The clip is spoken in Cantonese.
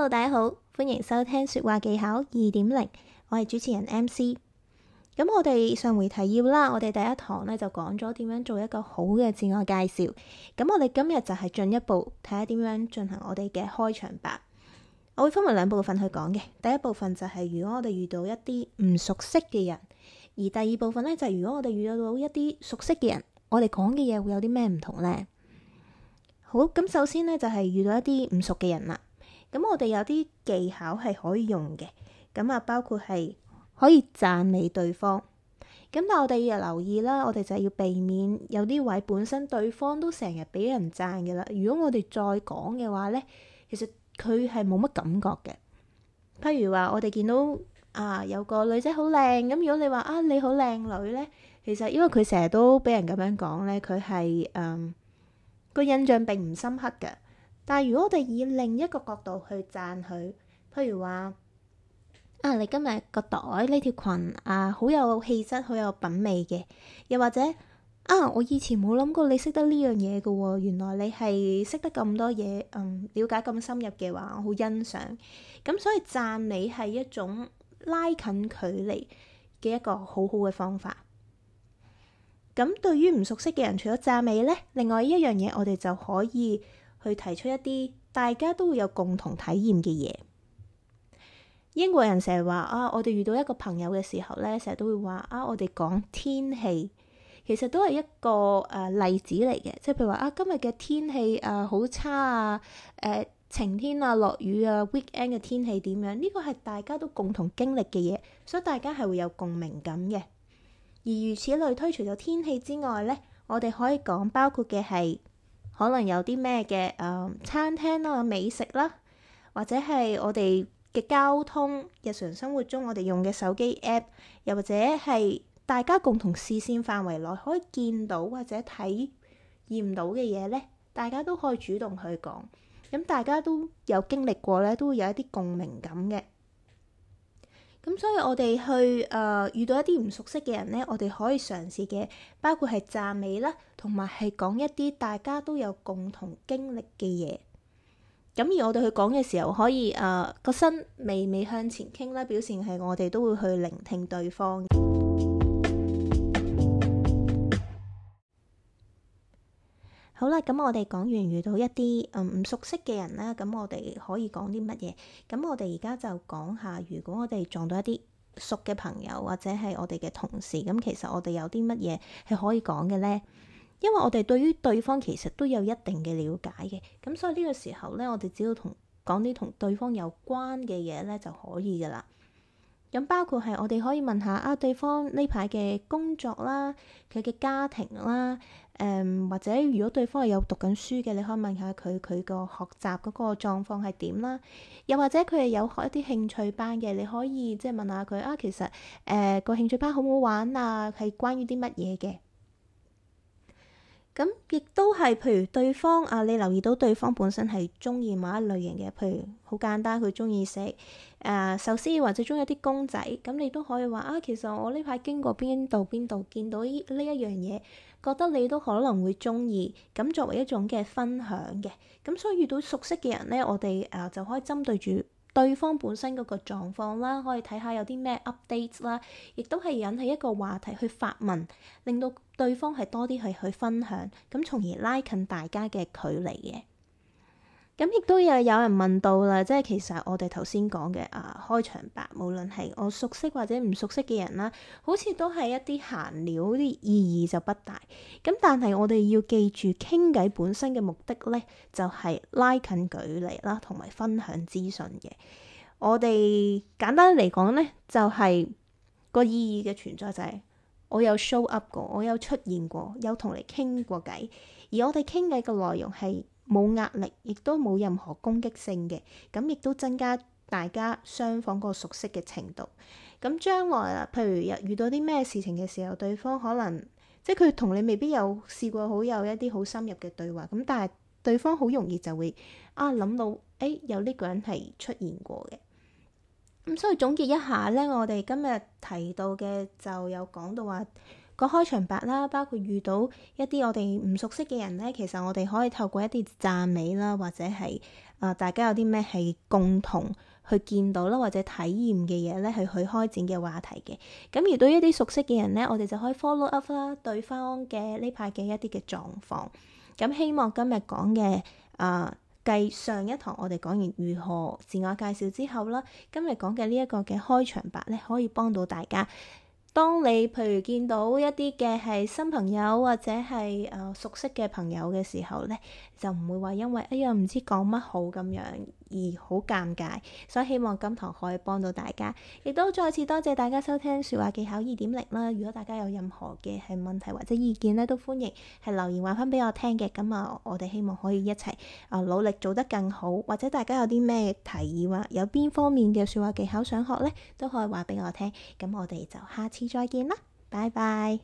Hello 大家好，歡迎收聽說話技巧二點零。我係主持人 MC。咁我哋上回提要啦，我哋第一堂呢就講咗點樣做一個好嘅自我介紹。咁我哋今日就係進一步睇下點樣進行我哋嘅開場白。我會分為兩部分去講嘅，第一部分就係如果我哋遇到一啲唔熟悉嘅人，而第二部分呢就係、是、如果我哋遇到到一啲熟悉嘅人，我哋講嘅嘢會有啲咩唔同呢？好，咁首先呢就係、是、遇到一啲唔熟嘅人啦。咁我哋有啲技巧係可以用嘅，咁啊包括係可以讚美對方，咁但我哋要留意啦，我哋就要避免有啲位本身對方都成日俾人讚嘅啦，如果我哋再講嘅話咧，其實佢係冇乜感覺嘅。譬如話我哋見到啊有個女仔好靚，咁如果你話啊你好靚女咧，其實因為佢成日都俾人咁樣講咧，佢係嗯個印象並唔深刻嘅。但係，如果我哋以另一個角度去讚佢，譬如話啊，你今日個袋呢條裙啊，好有氣質，好有品味嘅。又或者啊，我以前冇諗過你識得呢樣嘢嘅，原來你係識得咁多嘢，嗯，了解咁深入嘅話，我好欣賞。咁所以讚美係一種拉近距離嘅一個好好嘅方法。咁對於唔熟悉嘅人，除咗讚美呢，另外一樣嘢我哋就可以。去提出一啲大家都會有共同體驗嘅嘢。英國人成日話啊，我哋遇到一個朋友嘅時候呢，成日都會話啊，我哋講天氣其實都係一個誒、呃、例子嚟嘅，即係譬如話啊，今日嘅天氣啊好差啊，誒、呃、晴天啊，落雨啊，weekend 嘅天氣點樣？呢、呢個係大家都共同經歷嘅嘢，所以大家係會有共鳴感嘅。而如此類推，除咗天氣之外呢，我哋可以講包括嘅係。可能有啲咩嘅誒餐廳啦、美食啦，或者係我哋嘅交通，日常生活中我哋用嘅手機 App，又或者係大家共同視線範圍內可以見到或者體驗到嘅嘢呢，大家都可以主動去講，咁，嗯，大家都有經歷過呢，都會有一啲共鳴感嘅。咁所以我哋去誒、呃、遇到一啲唔熟悉嘅人呢，我哋可以嘗試嘅包括係讚美啦，同埋係講一啲大家都有共同經歷嘅嘢。咁、嗯、而我哋去講嘅時候，可以誒個、呃、身微微向前傾啦，表示係我哋都會去聆聽對方。好啦，咁我哋講完遇到一啲嗯唔熟悉嘅人啦。咁我哋可以講啲乜嘢？咁我哋而家就講下，如果我哋撞到一啲熟嘅朋友或者係我哋嘅同事，咁其實我哋有啲乜嘢係可以講嘅咧？因為我哋對於對方其實都有一定嘅了解嘅，咁所以呢個時候咧，我哋只要同講啲同對方有關嘅嘢咧就可以噶啦。咁包括係我哋可以問下啊，對方呢排嘅工作啦，佢嘅家庭啦，誒、呃、或者如果對方係有讀緊書嘅，你可以問下佢，佢個學習嗰個狀況係點啦，又或者佢係有學一啲興趣班嘅，你可以即係問下佢啊，其實誒、呃嗰個興趣班好唔好玩啊？係關於啲乜嘢嘅？咁亦都係，譬如對方啊，你留意到對方本身係中意某一類型嘅，譬如好簡單，佢中意食誒壽司，或者中意啲公仔，咁你都可以話啊，其實我呢排經過邊度邊度見到呢一樣嘢，覺得你都可能會中意，咁作為一種嘅分享嘅，咁所以遇到熟悉嘅人咧，我哋誒、呃、就可以針對住。對方本身嗰個狀況啦，可以睇下有啲咩 update 啦，亦都係引起一個話題去發問，令到對方係多啲係去分享，咁從而拉近大家嘅距離嘅。咁亦都有有人問到啦，即係其實我哋頭先講嘅啊開場白，無論係我熟悉或者唔熟悉嘅人啦，好似都係一啲閒聊，啲意義就不大。咁但係我哋要記住傾偈本身嘅目的咧，就係拉近距離啦，同埋分享資訊嘅。我哋簡單嚟講咧，就係個意義嘅存在就係我有 show up 過，我有出現過，有同你傾過偈，而我哋傾偈嘅內容係，冇壓力，亦都冇任何攻擊性嘅，咁亦都增加大家雙方個熟悉嘅程度。咁將來啊，譬如若遇到啲咩事情嘅時候，對方可能即係佢同你未必有試過好有一啲好深入嘅對話，咁但係對方好容易就會啊諗到，誒、哎、有呢個人係出現過嘅。咁所以總結一下咧，我哋今日提到嘅就有講到話。個開場白啦，包括遇到一啲我哋唔熟悉嘅人咧，其實我哋可以透過一啲讚美啦，或者係啊、呃，大家有啲咩係共同去見到啦，或者體驗嘅嘢咧，係去開展嘅話題嘅。咁、嗯、遇到一啲熟悉嘅人咧，我哋就可以 follow up 啦，對方嘅呢排嘅一啲嘅狀況。咁、嗯、希望今日講嘅啊，繼、呃、上一堂我哋講完如何自我介紹之後啦，今日講嘅呢一個嘅開場白咧，可以幫到大家。當你譬如見到一啲嘅係新朋友或者係誒、呃、熟悉嘅朋友嘅時候呢，就唔會話因為哎呀，唔知講乜好，咁樣而好尷尬，所以希望今堂可以幫到大家，亦都再次多謝大家收聽説話技巧二點零啦。如果大家有任何嘅係問題或者意見咧，都歡迎係留言話翻俾我聽嘅。咁啊，我哋希望可以一齊努力做得更好，或者大家有啲咩提議話有邊方面嘅説話技巧想學呢，都可以話俾我聽。咁我哋就下次。下次再見啦，拜拜。